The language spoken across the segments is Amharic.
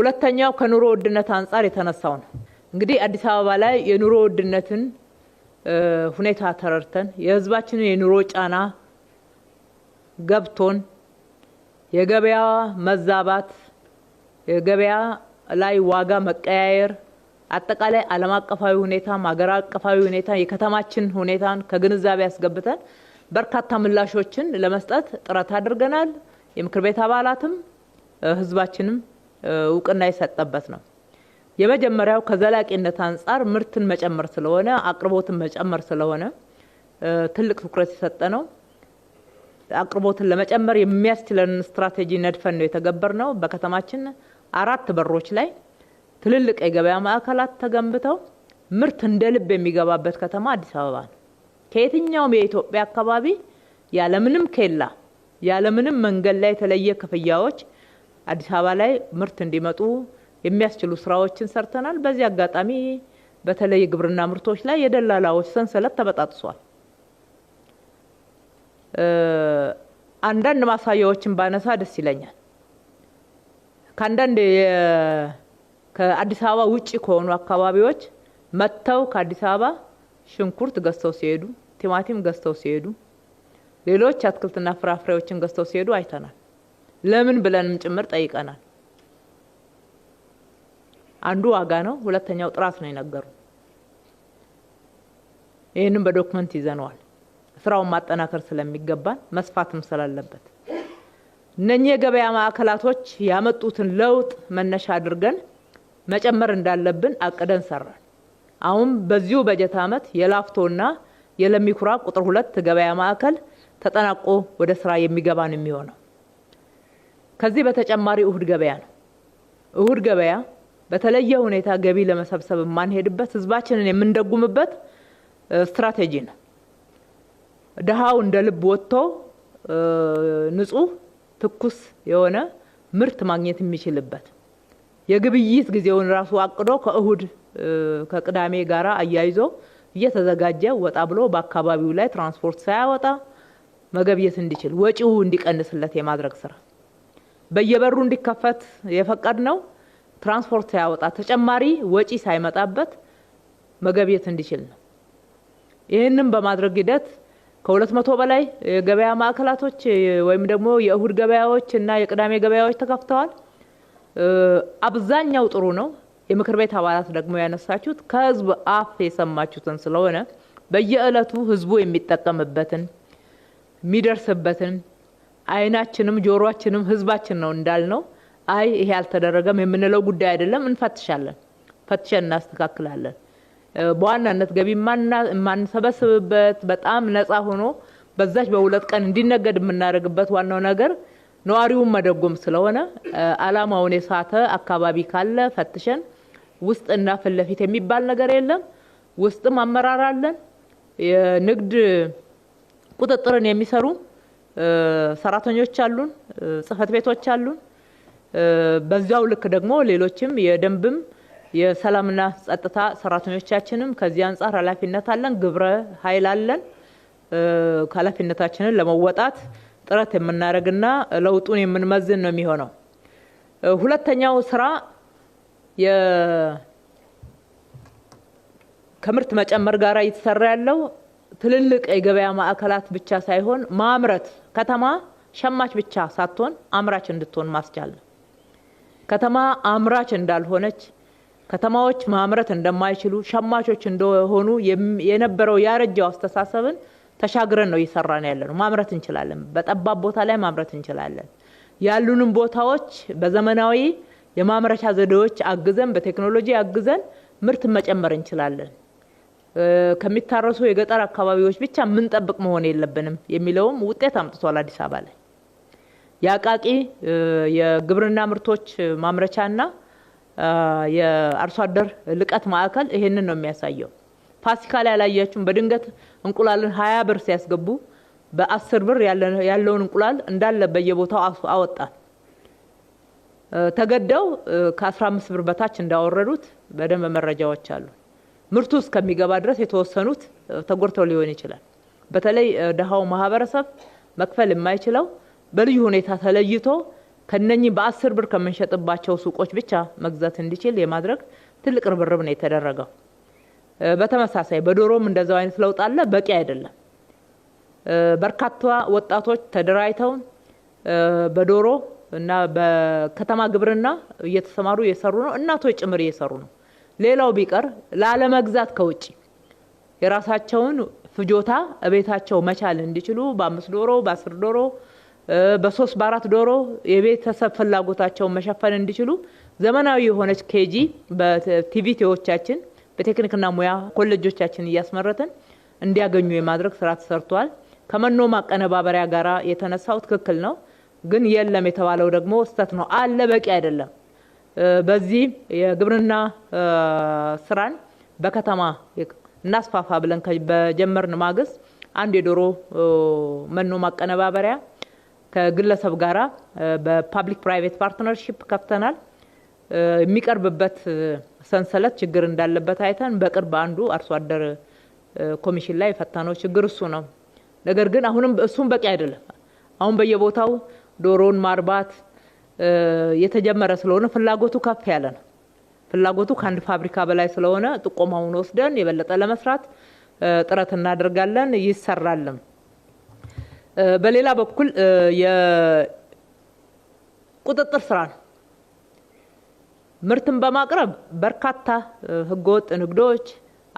ሁለተኛው ከኑሮ ውድነት አንጻር የተነሳው ነው። እንግዲህ አዲስ አበባ ላይ የኑሮ ውድነትን ሁኔታ ተረድተን የህዝባችንን የኑሮ ጫና ገብቶን የገበያ መዛባት፣ የገበያ ላይ ዋጋ መቀያየር፣ አጠቃላይ ዓለም አቀፋዊ ሁኔታም ሀገር አቀፋዊ ሁኔታ የከተማችን ሁኔታን ከግንዛቤ ያስገብተን በርካታ ምላሾችን ለመስጠት ጥረት አድርገናል። የምክር ቤት አባላትም ህዝባችንም እውቅና የሰጠበት ነው። የመጀመሪያው ከዘላቂነት አንጻር ምርትን መጨመር ስለሆነ አቅርቦትን መጨመር ስለሆነ ትልቅ ትኩረት የሰጠ ነው። አቅርቦትን ለመጨመር የሚያስችለንን ስትራቴጂ ነድፈን ነው የተገበር ነው። በከተማችን አራት በሮች ላይ ትልልቅ የገበያ ማዕከላት ተገንብተው ምርት እንደ ልብ የሚገባበት ከተማ አዲስ አበባ ነው። ከየትኛውም የኢትዮጵያ አካባቢ ያለምንም ኬላ ያለምንም መንገድ ላይ የተለየ ክፍያዎች አዲስ አበባ ላይ ምርት እንዲመጡ የሚያስችሉ ስራዎችን ሰርተናል። በዚህ አጋጣሚ በተለይ የግብርና ምርቶች ላይ የደላላዎች ሰንሰለት ተበጣጥሷል። አንዳንድ ማሳያዎችን ባነሳ ደስ ይለኛል። ከአንዳንድ ከአዲስ አበባ ውጭ ከሆኑ አካባቢዎች መጥተው ከአዲስ አበባ ሽንኩርት ገዝተው ሲሄዱ፣ ቲማቲም ገዝተው ሲሄዱ፣ ሌሎች አትክልትና ፍራፍሬዎችን ገዝተው ሲሄዱ አይተናል። ለምን ብለንም ጭምር ጠይቀናል። አንዱ ዋጋ ነው፣ ሁለተኛው ጥራት ነው የነገሩ። ይህንም በዶክመንት ይዘነዋል። ስራውን ማጠናከር ስለሚገባን መስፋትም ስላለበት እነኚህ የገበያ ማዕከላቶች ያመጡትን ለውጥ መነሻ አድርገን መጨመር እንዳለብን አቅደን ሰራል። አሁን በዚሁ በጀት ዓመት የላፍቶና የለሚኩራ ቁጥር ሁለት ገበያ ማዕከል ተጠናቆ ወደ ስራ የሚገባ ነው የሚሆነው። ከዚህ በተጨማሪ እሁድ ገበያ ነው። እሁድ ገበያ በተለየ ሁኔታ ገቢ ለመሰብሰብ የማንሄድበት ህዝባችንን የምንደጉምበት ስትራቴጂ ነው። ድሃው እንደ ልብ ወጥቶ ንጹህ ትኩስ የሆነ ምርት ማግኘት የሚችልበት የግብይት ጊዜውን ራሱ አቅዶ ከእሁድ ከቅዳሜ ጋራ አያይዞ እየተዘጋጀ ወጣ ብሎ በአካባቢው ላይ ትራንስፖርት ሳያወጣ መገብየት እንዲችል ወጪው እንዲቀንስለት የማድረግ ስራ በየበሩ እንዲከፈት የፈቀድ ነው ትራንስፖርት ያወጣ ተጨማሪ ወጪ ሳይመጣበት መገብየት እንዲችል ነው። ይህንም በማድረግ ሂደት ከሁለት መቶ በላይ የገበያ ማዕከላቶች ወይም ደግሞ የእሁድ ገበያዎች እና የቅዳሜ ገበያዎች ተከፍተዋል። አብዛኛው ጥሩ ነው። የምክር ቤት አባላት ደግሞ ያነሳችሁት ከህዝብ አፍ የሰማችሁትን ስለሆነ በየዕለቱ ህዝቡ የሚጠቀምበትን የሚደርስበትን አይናችንም ጆሮአችንም ህዝባችን ነው እንዳልነው አይ ይሄ አልተደረገም የምንለው ጉዳይ አይደለም። እንፈትሻለን፣ ፈትሸን እናስተካክላለን። በዋናነት ገቢ የማንሰበስብበት በጣም ነፃ ሆኖ በዛች በሁለት ቀን እንዲነገድ የምናደርግበት ዋናው ነገር ነዋሪውን መደጎም ስለሆነ አላማውን የሳተ አካባቢ ካለ ፈትሸን ውስጥና ፊት ለፊት የሚባል ነገር የለም። ውስጥም አመራር አለን የንግድ ቁጥጥርን የሚሰሩ ሰራተኞች አሉን፣ ጽህፈት ቤቶች አሉን። በዚያው ልክ ደግሞ ሌሎችም የደንብም የሰላምና ጸጥታ ሰራተኞቻችንም ከዚህ አንጻር ኃላፊነት አለን፣ ግብረ ኃይል አለን። ኃላፊነታችንን ለመወጣት ጥረት የምናደርግና ለውጡን የምንመዝን ነው የሚሆነው። ሁለተኛው ስራ ከምርት መጨመር ጋር እየተሰራ ያለው ትልልቅ የገበያ ማዕከላት ብቻ ሳይሆን ማምረት ከተማ ሸማች ብቻ ሳትሆን አምራች እንድትሆን ማስቻል ከተማ አምራች እንዳልሆነች፣ ከተማዎች ማምረት እንደማይችሉ፣ ሸማቾች እንደሆኑ የነበረው ያረጀው አስተሳሰብን ተሻግረን ነው እየሰራን ያለ ነው። ማምረት እንችላለን። በጠባብ ቦታ ላይ ማምረት እንችላለን። ያሉንም ቦታዎች በዘመናዊ የማምረቻ ዘዴዎች አግዘን፣ በቴክኖሎጂ አግዘን ምርት መጨመር እንችላለን። ከሚታረሱ የገጠር አካባቢዎች ብቻ የምንጠብቅ መሆን የለብንም የሚለውም ውጤት አምጥቷል። አዲስ አበባ ላይ የአቃቂ የግብርና ምርቶች ማምረቻና የአርሶ አደር ልቀት ማዕከል ይሄንን ነው የሚያሳየው። ፋሲካ ላይ ያላያችሁም በድንገት እንቁላልን ሀያ ብር ሲያስገቡ በአስር ብር ያለውን እንቁላል እንዳለ በየቦታው አወጣል። ተገደው ከአስራ አምስት ብር በታች እንዳወረዱት በደንብ መረጃዎች አሉ። ምርቱ እስከሚገባ ድረስ የተወሰኑት ተጎድተው ሊሆን ይችላል። በተለይ ድሃው ማህበረሰብ መክፈል የማይችለው በልዩ ሁኔታ ተለይቶ ከነኚህ በአስር ብር ከምንሸጥባቸው ሱቆች ብቻ መግዛት እንዲችል የማድረግ ትልቅ ርብርብ ነው የተደረገው። በተመሳሳይ በዶሮም እንደዛው አይነት ለውጥ አለ። በቂ አይደለም። በርካታ ወጣቶች ተደራጅተው በዶሮ እና በከተማ ግብርና እየተሰማሩ እየሰሩ ነው። እናቶች ጭምር እየሰሩ ነው። ሌላው ቢቀር ላለመግዛት ከውጭ የራሳቸውን ፍጆታ እቤታቸው መቻል እንዲችሉ በአምስት ዶሮ በአስር ዶሮ በሶስት በአራት ዶሮ የቤተሰብ ፍላጎታቸውን መሸፈን እንዲችሉ ዘመናዊ የሆነች ኬጂ በቲቪቲዎቻችን በቴክኒክና ሙያ ኮሌጆቻችን እያስመረትን እንዲያገኙ የማድረግ ስራ ተሰርቷል። ከመኖ ማቀነባበሪያ ጋራ የተነሳው ትክክል ነው፣ ግን የለም የተባለው ደግሞ ስተት ነው። አለ በቂ አይደለም። በዚህ የግብርና ስራን በከተማ እናስፋፋ ብለን በጀመርን ማግስት አንድ የዶሮ መኖ ማቀነባበሪያ ከግለሰብ ጋራ በፓብሊክ ፕራይቬት ፓርትነርሺፕ ከፍተናል። የሚቀርብበት ሰንሰለት ችግር እንዳለበት አይተን በቅርብ አንዱ አርሶ አደር ኮሚሽን ላይ የፈታነው ችግር እሱ ነው። ነገር ግን አሁንም እሱም በቂ አይደለም። አሁን በየቦታው ዶሮን ማርባት የተጀመረ ስለሆነ ፍላጎቱ ከፍ ያለ ነው። ፍላጎቱ ከአንድ ፋብሪካ በላይ ስለሆነ ጥቆማውን ወስደን የበለጠ ለመስራት ጥረት እናደርጋለን፣ ይሰራልም። በሌላ በኩል የቁጥጥር ስራ ነው። ምርትን በማቅረብ በርካታ ህገወጥ ንግዶች፣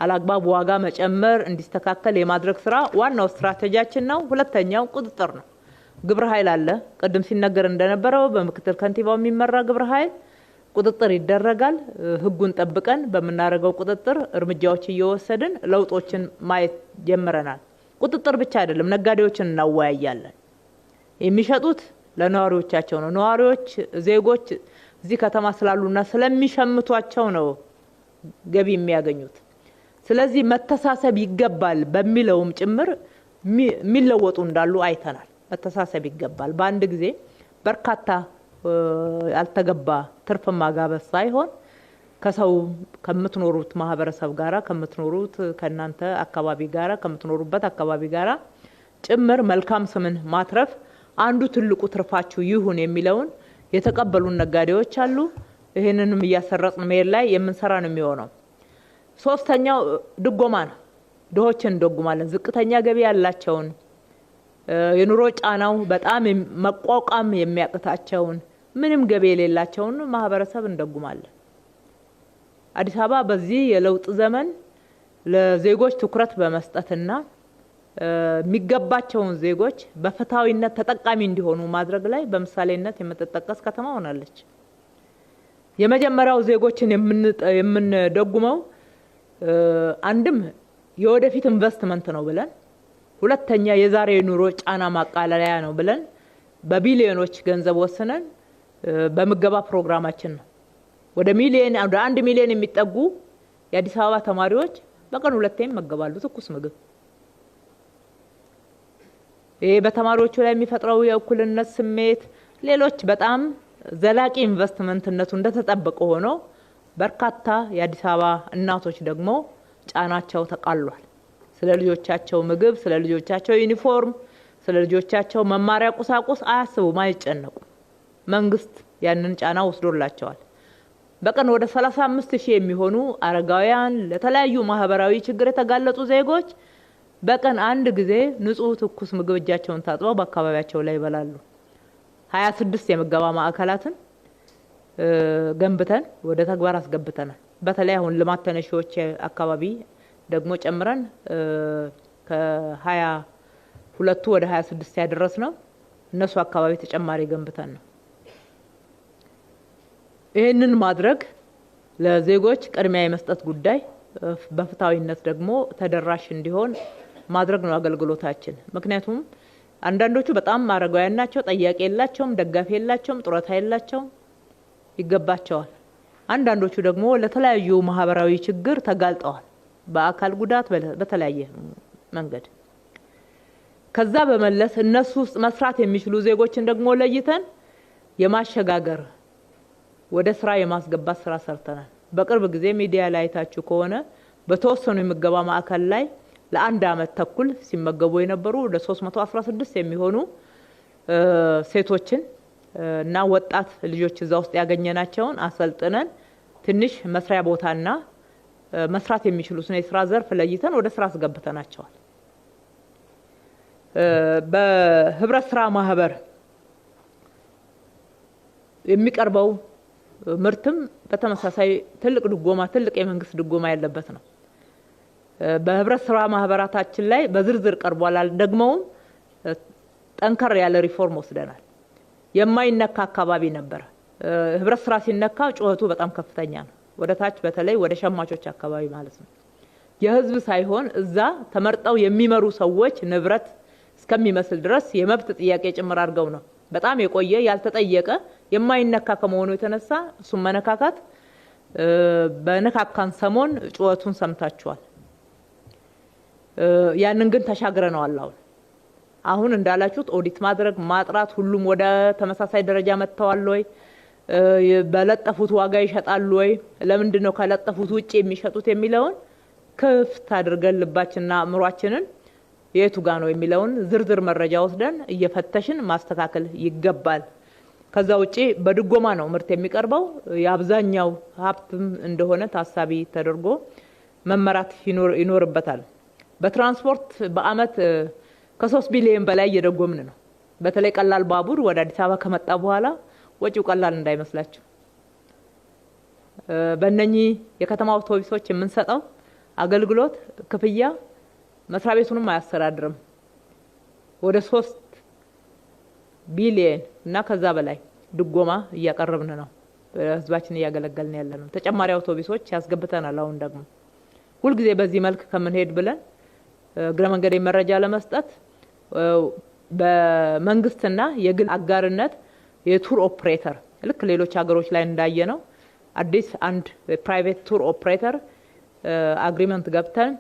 አላግባብ ዋጋ መጨመር እንዲስተካከል የማድረግ ስራ ዋናው ስትራቴጂያችን ነው። ሁለተኛው ቁጥጥር ነው። ግብረ ኃይል አለ። ቅድም ሲነገር እንደነበረው በምክትል ከንቲባው የሚመራ ግብረ ኃይል ቁጥጥር ይደረጋል። ህጉን ጠብቀን በምናደርገው ቁጥጥር እርምጃዎች እየወሰድን ለውጦችን ማየት ጀምረናል። ቁጥጥር ብቻ አይደለም፣ ነጋዴዎችን እናወያያለን። የሚሸጡት ለነዋሪዎቻቸው ነው። ነዋሪዎች ዜጎች እዚህ ከተማ ስላሉና ስለሚሸምቷቸው ነው ገቢ የሚያገኙት። ስለዚህ መተሳሰብ ይገባል በሚለውም ጭምር የሚለወጡ እንዳሉ አይተናል። መተሳሰብ ይገባል። በአንድ ጊዜ በርካታ ያልተገባ ትርፍ ማጋበስ ሳይሆን ከሰው ከምትኖሩት ማህበረሰብ ጋራ ከምትኖሩት ከእናንተ አካባቢ ጋራ ከምትኖሩበት አካባቢ ጋራ ጭምር መልካም ስምን ማትረፍ አንዱ ትልቁ ትርፋችሁ ይሁን የሚለውን የተቀበሉን ነጋዴዎች አሉ። ይህንንም እያሰረጽን መሄድ ላይ የምንሰራ ነው የሚሆነው። ሶስተኛው ድጎማ ነው። ድሆችን እንደጉማለን። ዝቅተኛ ገቢ ያላቸውን የኑሮ ጫናው በጣም መቋቋም የሚያቅታቸውን ምንም ገቢ የሌላቸውን ማህበረሰብ እንደጉማለን። አዲስ አበባ በዚህ የለውጥ ዘመን ለዜጎች ትኩረት በመስጠትና የሚገባቸውን ዜጎች በፍትሐዊነት ተጠቃሚ እንዲሆኑ ማድረግ ላይ በምሳሌነት የምትጠቀስ ከተማ ሆናለች። የመጀመሪያው ዜጎችን የምንደጉመው አንድም የወደፊት ኢንቨስትመንት ነው ብለን ሁለተኛ የዛሬ ኑሮ ጫና ማቃለያ ነው ብለን በቢሊዮኖች ገንዘብ ወስነን በምገባ ፕሮግራማችን ነው ወደ ሚሊዮን ወደ አንድ ሚሊዮን የሚጠጉ የአዲስ አበባ ተማሪዎች በቀን ሁለቴ ይመገባሉ ትኩስ ምግብ። ይሄ በተማሪዎቹ ላይ የሚፈጥረው የእኩልነት ስሜት፣ ሌሎች በጣም ዘላቂ ኢንቨስትመንትነቱ እንደተጠበቀ ሆኖ በርካታ የአዲስ አበባ እናቶች ደግሞ ጫናቸው ተቃሏል። ስለ ልጆቻቸው ምግብ፣ ስለ ልጆቻቸው ዩኒፎርም፣ ስለ ልጆቻቸው መማሪያ ቁሳቁስ አያስቡም፣ አይጨነቁም። መንግስት ያንን ጫና ወስዶላቸዋል። በቀን ወደ 35 ሺህ የሚሆኑ አረጋውያን፣ ለተለያዩ ማህበራዊ ችግር የተጋለጡ ዜጎች በቀን አንድ ጊዜ ንጹህ ትኩስ ምግብ እጃቸውን ታጥበው በአካባቢያቸው ላይ ይበላሉ። 26 የምገባ ማዕከላትን ገንብተን ወደ ተግባር አስገብተናል። በተለይ አሁን ልማት ተነሺዎች አካባቢ ደግሞ ጨምረን ከሀያ ሁለቱ ወደ ሀያ ስድስት ያደረስ ነው። እነሱ አካባቢ ተጨማሪ ገንብተን ነው። ይህንን ማድረግ ለዜጎች ቅድሚያ የመስጠት ጉዳይ በፍትሐዊነት ደግሞ ተደራሽ እንዲሆን ማድረግ ነው አገልግሎታችን። ምክንያቱም አንዳንዶቹ በጣም አረጋውያን ናቸው፣ ጠያቂ የላቸውም፣ ደጋፊ የላቸውም፣ ጡረታ የላቸውም፣ ይገባቸዋል። አንዳንዶቹ ደግሞ ለተለያዩ ማህበራዊ ችግር ተጋልጠዋል። በአካል ጉዳት፣ በተለያየ መንገድ ከዛ በመለስ እነሱ ውስጥ መስራት የሚችሉ ዜጎችን ደግሞ ለይተን የማሸጋገር ወደ ስራ የማስገባት ስራ ሰርተናል። በቅርብ ጊዜ ሚዲያ ላይ አይታችሁ ከሆነ በተወሰኑ የምገባ ማዕከል ላይ ለአንድ አመት ተኩል ሲመገቡ የነበሩ ወደ 316 የሚሆኑ ሴቶችን እና ወጣት ልጆች እዛ ውስጥ ያገኘናቸውን አሰልጥነን ትንሽ መስሪያ ቦታና መስራት የሚችሉትን የስራ ዘርፍ ለይተን ወደ ስራ አስገብተናቸዋል። በህብረት ስራ ማህበር የሚቀርበው ምርትም በተመሳሳይ ትልቅ ድጎማ ትልቅ የመንግስት ድጎማ ያለበት ነው። በህብረት ስራ ማህበራታችን ላይ በዝርዝር ቀርቧል። ደግሞም ጠንከር ያለ ሪፎርም ወስደናል። የማይነካ አካባቢ ነበረ። ህብረት ስራ ሲነካ ጩኸቱ በጣም ከፍተኛ ነው። ወደ ታች በተለይ ወደ ሸማቾች አካባቢ ማለት ነው። የህዝብ ሳይሆን እዛ ተመርጠው የሚመሩ ሰዎች ንብረት እስከሚመስል ድረስ የመብት ጥያቄ ጭምር አድርገው ነው። በጣም የቆየ ያልተጠየቀ የማይነካ ከመሆኑ የተነሳ እሱም መነካካት በነካካን ሰሞን ጩኸቱን ሰምታችኋል። ያንን ግን ተሻግረነዋል። አሁን አሁን እንዳላችሁት ኦዲት ማድረግ ማጥራት፣ ሁሉም ወደ ተመሳሳይ ደረጃ መጥተዋል ወይ በለጠፉት ዋጋ ይሸጣሉ ወይ? ለምንድን ነው ከለጠፉት ውጭ የሚሸጡት የሚለውን ክፍት አድርገን ልባችንና አእምሯችንን የቱ ጋ ነው የሚለውን ዝርዝር መረጃ ወስደን እየፈተሽን ማስተካከል ይገባል። ከዛ ውጪ በድጎማ ነው ምርት የሚቀርበው። የአብዛኛው ሀብትም እንደሆነ ታሳቢ ተደርጎ መመራት ይኖርበታል። በትራንስፖርት በአመት ከሶስት ቢሊዮን በላይ እየደጎምን ነው። በተለይ ቀላል ባቡር ወደ አዲስ አበባ ከመጣ በኋላ ወጪው ቀላል እንዳይመስላችሁ። በእነኚህ የከተማ አውቶቡሶች የምንሰጠው አገልግሎት ክፍያ መስሪያ ቤቱንም አያስተዳድርም። ወደ ሶስት ቢሊየን እና ከዛ በላይ ድጎማ እያቀረብን ነው። ህዝባችን እያገለገልን ያለ ነው። ተጨማሪ አውቶቡሶች ያስገብተናል። አሁን ደግሞ ሁልጊዜ በዚህ መልክ ከምንሄድ ብለን እግረ መንገዴ መረጃ ለመስጠት በመንግስትና የግል አጋርነት የቱር ኦፕሬተር ልክ ሌሎች ሀገሮች ላይ እንዳየ ነው። አዲስ አንድ ፕራይቬት ቱር ኦፕሬተር አግሪመንት ገብተን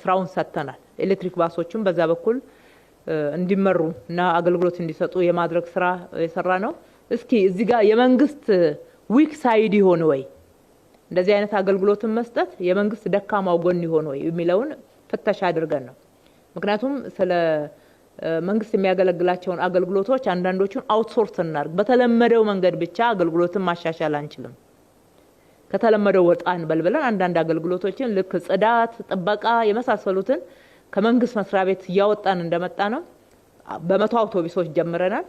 ስራውን ሰጥተናል። ኤሌክትሪክ ባሶችም በዛ በኩል እንዲመሩ እና አገልግሎት እንዲሰጡ የማድረግ ስራ የሰራ ነው። እስኪ እዚህ ጋር የመንግስት ዊክ ሳይድ ይሆን ወይ እንደዚህ አይነት አገልግሎትን መስጠት የመንግስት ደካማው ጎን ይሆን ወይ የሚለውን ፍተሻ አድርገን ነው ምክንያቱም ስለ መንግስት የሚያገለግላቸውን አገልግሎቶች አንዳንዶቹን አውትሶርስ እናርግ። በተለመደው መንገድ ብቻ አገልግሎትን ማሻሻል አንችልም። ከተለመደው ወጣን በልብለን አንዳንድ አገልግሎቶችን ልክ ጽዳት፣ ጥበቃ የመሳሰሉትን ከመንግስት መስሪያ ቤት እያወጣን እንደመጣ ነው። በመቶ አውቶቡሶች ጀምረናል።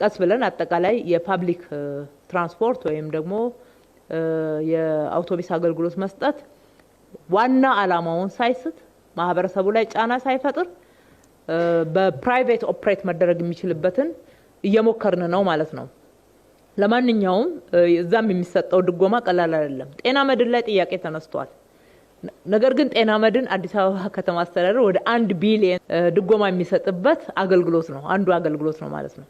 ቀስ ብለን አጠቃላይ የፓብሊክ ትራንስፖርት ወይም ደግሞ የአውቶቡስ አገልግሎት መስጠት ዋና አላማውን ሳይስት ማህበረሰቡ ላይ ጫና ሳይፈጥር በፕራይቬት ኦፕሬት መደረግ የሚችልበትን እየሞከርን ነው ማለት ነው። ለማንኛውም እዛም የሚሰጠው ድጎማ ቀላል አይደለም። ጤና መድን ላይ ጥያቄ ተነስቷል። ነገር ግን ጤና መድን አዲስ አበባ ከተማ አስተዳደር ወደ አንድ ቢሊየን ድጎማ የሚሰጥበት አገልግሎት ነው፣ አንዱ አገልግሎት ነው ማለት ነው።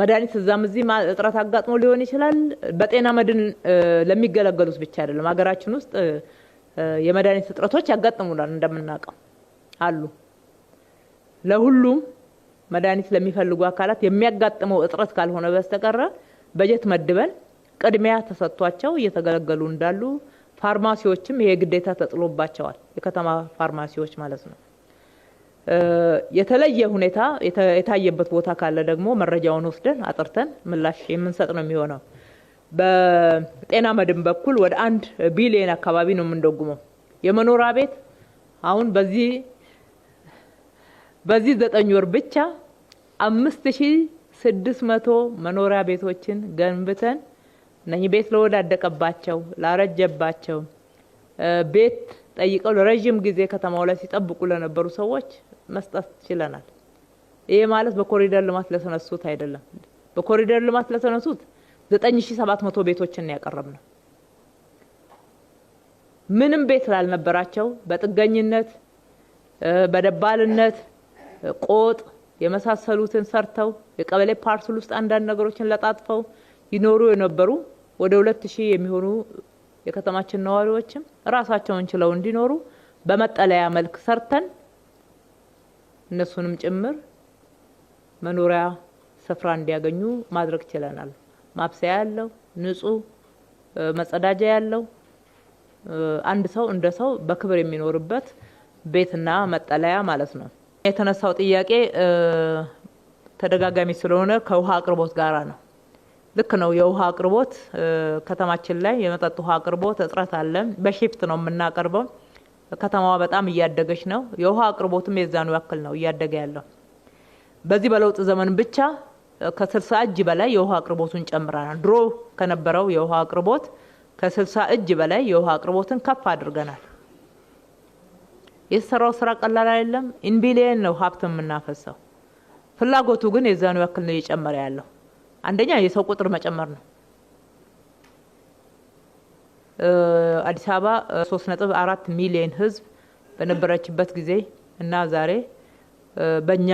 መድኃኒት እዛም እዚህ እጥረት አጋጥሞ ሊሆን ይችላል። በጤና መድን ለሚገለገሉት ብቻ አይደለም። ሀገራችን ውስጥ የመድኃኒት እጥረቶች ያጋጥሙናል እንደምናውቀው። አሉ። ለሁሉም መድኃኒት ለሚፈልጉ አካላት የሚያጋጥመው እጥረት ካልሆነ በስተቀረ በጀት መድበን ቅድሚያ ተሰጥቷቸው እየተገለገሉ እንዳሉ ፋርማሲዎችም ይሄ ግዴታ ተጥሎባቸዋል። የከተማ ፋርማሲዎች ማለት ነው። የተለየ ሁኔታ የታየበት ቦታ ካለ ደግሞ መረጃውን ወስደን አጥርተን ምላሽ የምንሰጥ ነው የሚሆነው። በጤና መድን በኩል ወደ አንድ ቢሊዮን አካባቢ ነው የምንደጉመው የመኖሪያ ቤት አሁን በዚህ በዚህ ዘጠኝ ወር ብቻ አምስት ሺ ስድስት መቶ መኖሪያ ቤቶችን ገንብተን እነህ ቤት ለወዳደቀባቸው ላረጀባቸው ቤት ጠይቀው ለረዥም ጊዜ ከተማው ላይ ሲጠብቁ ለነበሩ ሰዎች መስጠት ችለናል። ይሄ ማለት በኮሪደር ልማት ለተነሱት አይደለም። በኮሪደር ልማት ለተነሱት መቶ ቤቶችን ያቀረብ ነው። ምንም ቤት ላልነበራቸው በጥገኝነት በደባልነት ቆጥ የመሳሰሉትን ሰርተው የቀበሌ ፓርሰል ውስጥ አንዳንድ ነገሮችን ለጣጥፈው ይኖሩ የነበሩ ወደ ሁለት ሺህ የሚሆኑ የከተማችን ነዋሪዎችም ራሳቸውን ችለው እንዲኖሩ በመጠለያ መልክ ሰርተን እነሱንም ጭምር መኖሪያ ስፍራ እንዲያገኙ ማድረግ ችለናል። ማብሰያ ያለው ንጹህ መጸዳጃ ያለው አንድ ሰው እንደ ሰው በክብር የሚኖርበት ቤትና መጠለያ ማለት ነው። የተነሳው ጥያቄ ተደጋጋሚ ስለሆነ ከውሃ አቅርቦት ጋር ነው። ልክ ነው። የውሃ አቅርቦት ከተማችን ላይ የመጠጥ ውሃ አቅርቦት እጥረት አለ። በሽፍት ነው የምናቀርበው። ከተማዋ በጣም እያደገች ነው። የውሃ አቅርቦትም የዛኑ ያክል ነው እያደገ ያለው። በዚህ በለውጥ ዘመን ብቻ ከስልሳ እጅ በላይ የውሃ አቅርቦቱን ጨምረናል። ድሮ ከነበረው የውሃ አቅርቦት ከስልሳ እጅ በላይ የውሃ አቅርቦትን ከፍ አድርገናል። የተሰራው ስራ ቀላል አይደለም። ኢንቢሊየን ነው ሀብት የምናፈሰው። ፍላጎቱ ግን የዛኑ ያክል ነው እየጨመረ ያለው። አንደኛ የሰው ቁጥር መጨመር ነው። አዲስ አበባ ሶስት ነጥብ አራት ሚሊየን ህዝብ በነበረችበት ጊዜ እና ዛሬ በእኛ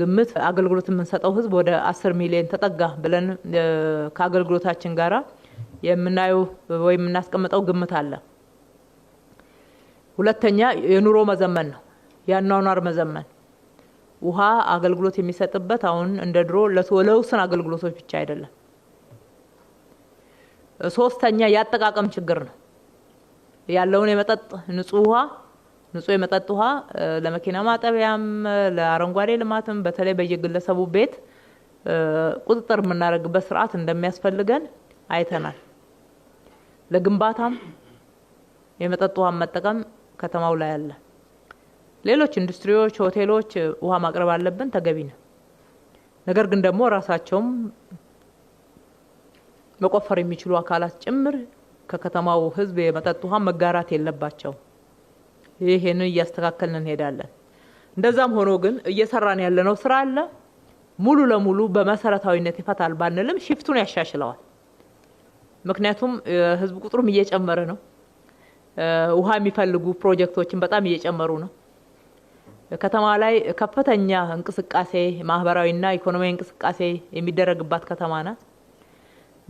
ግምት አገልግሎት የምንሰጠው ህዝብ ወደ አስር ሚሊየን ተጠጋ ብለን ከአገልግሎታችን ጋራ የምናየው ወይም የምናስቀምጠው ግምት አለ። ሁለተኛ የኑሮ መዘመን ነው፣ የአኗኗር መዘመን። ውሃ አገልግሎት የሚሰጥበት አሁን እንደ ድሮ ለውስን አገልግሎቶች ብቻ አይደለም። ሶስተኛ የአጠቃቀም ችግር ነው። ያለውን የመጠጥ ንጹህ ውሃ ንጹህ የመጠጥ ውሃ ለመኪና ማጠቢያም ለአረንጓዴ ልማትም በተለይ በየግለሰቡ ቤት ቁጥጥር የምናደርግበት ስርዓት እንደሚያስፈልገን አይተናል። ለግንባታም የመጠጥ ውሃ መጠቀም ከተማው ላይ አለ። ሌሎች ኢንዱስትሪዎች፣ ሆቴሎች ውሃ ማቅረብ አለብን፣ ተገቢ ነው። ነገር ግን ደግሞ ራሳቸውም መቆፈር የሚችሉ አካላት ጭምር ከከተማው ህዝብ የመጠጥ ውሃ መጋራት የለባቸው። ይህን እያስተካከልን እንሄዳለን። እንደዛም ሆኖ ግን እየሰራን ያለነው ስራ አለ። ሙሉ ለሙሉ በመሰረታዊነት ይፈታል ባንልም ሽፍቱን ያሻሽለዋል። ምክንያቱም የህዝብ ቁጥሩም እየጨመረ ነው። ውሃ የሚፈልጉ ፕሮጀክቶችን በጣም እየጨመሩ ነው። ከተማ ላይ ከፍተኛ እንቅስቃሴ ማህበራዊና ኢኮኖሚያዊ እንቅስቃሴ የሚደረግባት ከተማ ናት።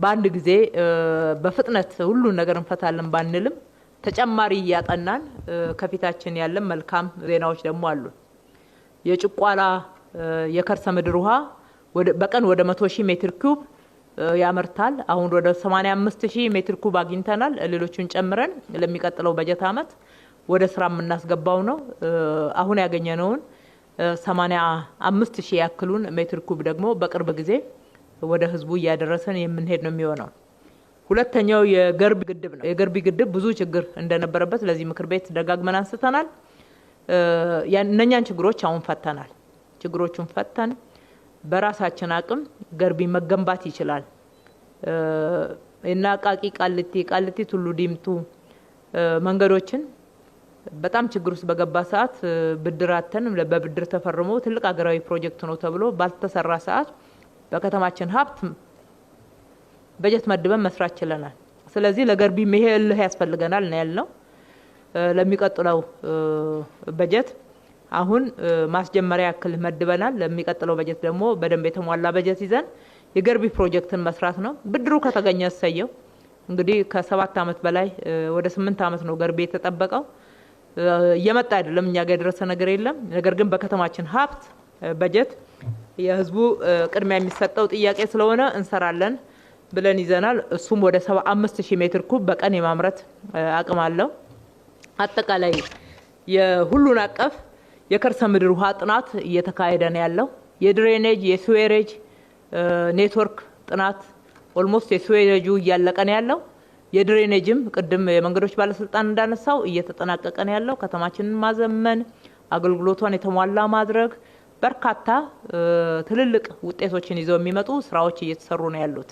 በአንድ ጊዜ በፍጥነት ሁሉን ነገር እንፈታለን ባንልም ተጨማሪ እያጠናን ከፊታችን ያለን መልካም ዜናዎች ደግሞ አሉ። የጭቋላ የከርሰ ምድር ውሃ በቀን ወደ መቶ ሺህ ሜትር ኪዩብ ያመርታል። አሁን ወደ 85 ሺህ ሜትር ኩብ አግኝተናል። ሌሎቹን ጨምረን ለሚቀጥለው በጀት አመት ወደ ስራ የምናስገባው ነው። አሁን ያገኘነውን 85 ሺህ ያክሉን ሜትር ኩብ ደግሞ በቅርብ ጊዜ ወደ ህዝቡ እያደረሰን የምንሄድ ነው የሚሆነው። ሁለተኛው የገርቢ ግድብ ነው። የገርቢ ግድብ ብዙ ችግር እንደነበረበት ለዚህ ምክር ቤት ደጋግመን አንስተናል። እነኛን ችግሮች አሁን ፈተናል። ችግሮቹን ፈተን በራሳችን አቅም ገርቢ መገንባት ይችላል እና ቃቂ ቃልቲ ቃልቲ ቱሉ ዲምቱ መንገዶችን በጣም ችግር ውስጥ በገባ ሰዓት ብድራተን በብድር ተፈርሞ ትልቅ ሀገራዊ ፕሮጀክት ነው ተብሎ ባልተሰራ ሰዓት በከተማችን ሀብት በጀት መድበን መስራት ችለናል። ስለዚህ ለገርቢ ይሄ እልህ ያስፈልገናል ነው ያልነው ለሚቀጥለው በጀት አሁን ማስጀመሪያ ያክል መድበናል። ለሚቀጥለው በጀት ደግሞ በደንብ የተሟላ በጀት ይዘን የገርቢ ፕሮጀክትን መስራት ነው። ብድሩ ከተገኘ እሰየው። እንግዲህ ከሰባት ዓመት በላይ ወደ ስምንት ዓመት ነው ገርቢ የተጠበቀው። እየመጣ አይደለም፣ እኛ ጋር የደረሰ ነገር የለም። ነገር ግን በከተማችን ሀብት በጀት የህዝቡ ቅድሚያ የሚሰጠው ጥያቄ ስለሆነ እንሰራለን ብለን ይዘናል። እሱም ወደ ሰባ አምስት ሺህ ሜትር ኩብ በቀን የማምረት አቅም አለው። አጠቃላይ የሁሉን አቀፍ የከርሰ ምድር ውሃ ጥናት እየተካሄደ ነው ያለው። የድሬኔጅ የስዌሬጅ ኔትወርክ ጥናት ኦልሞስት የስዌሬጁ እያለቀ ነው ያለው። የድሬኔጅም ቅድም የመንገዶች ባለስልጣን እንዳነሳው እየተጠናቀቀ ነው ያለው። ከተማችንን ማዘመን፣ አገልግሎቷን የተሟላ ማድረግ በርካታ ትልልቅ ውጤቶችን ይዘው የሚመጡ ስራዎች እየተሰሩ ነው ያሉት።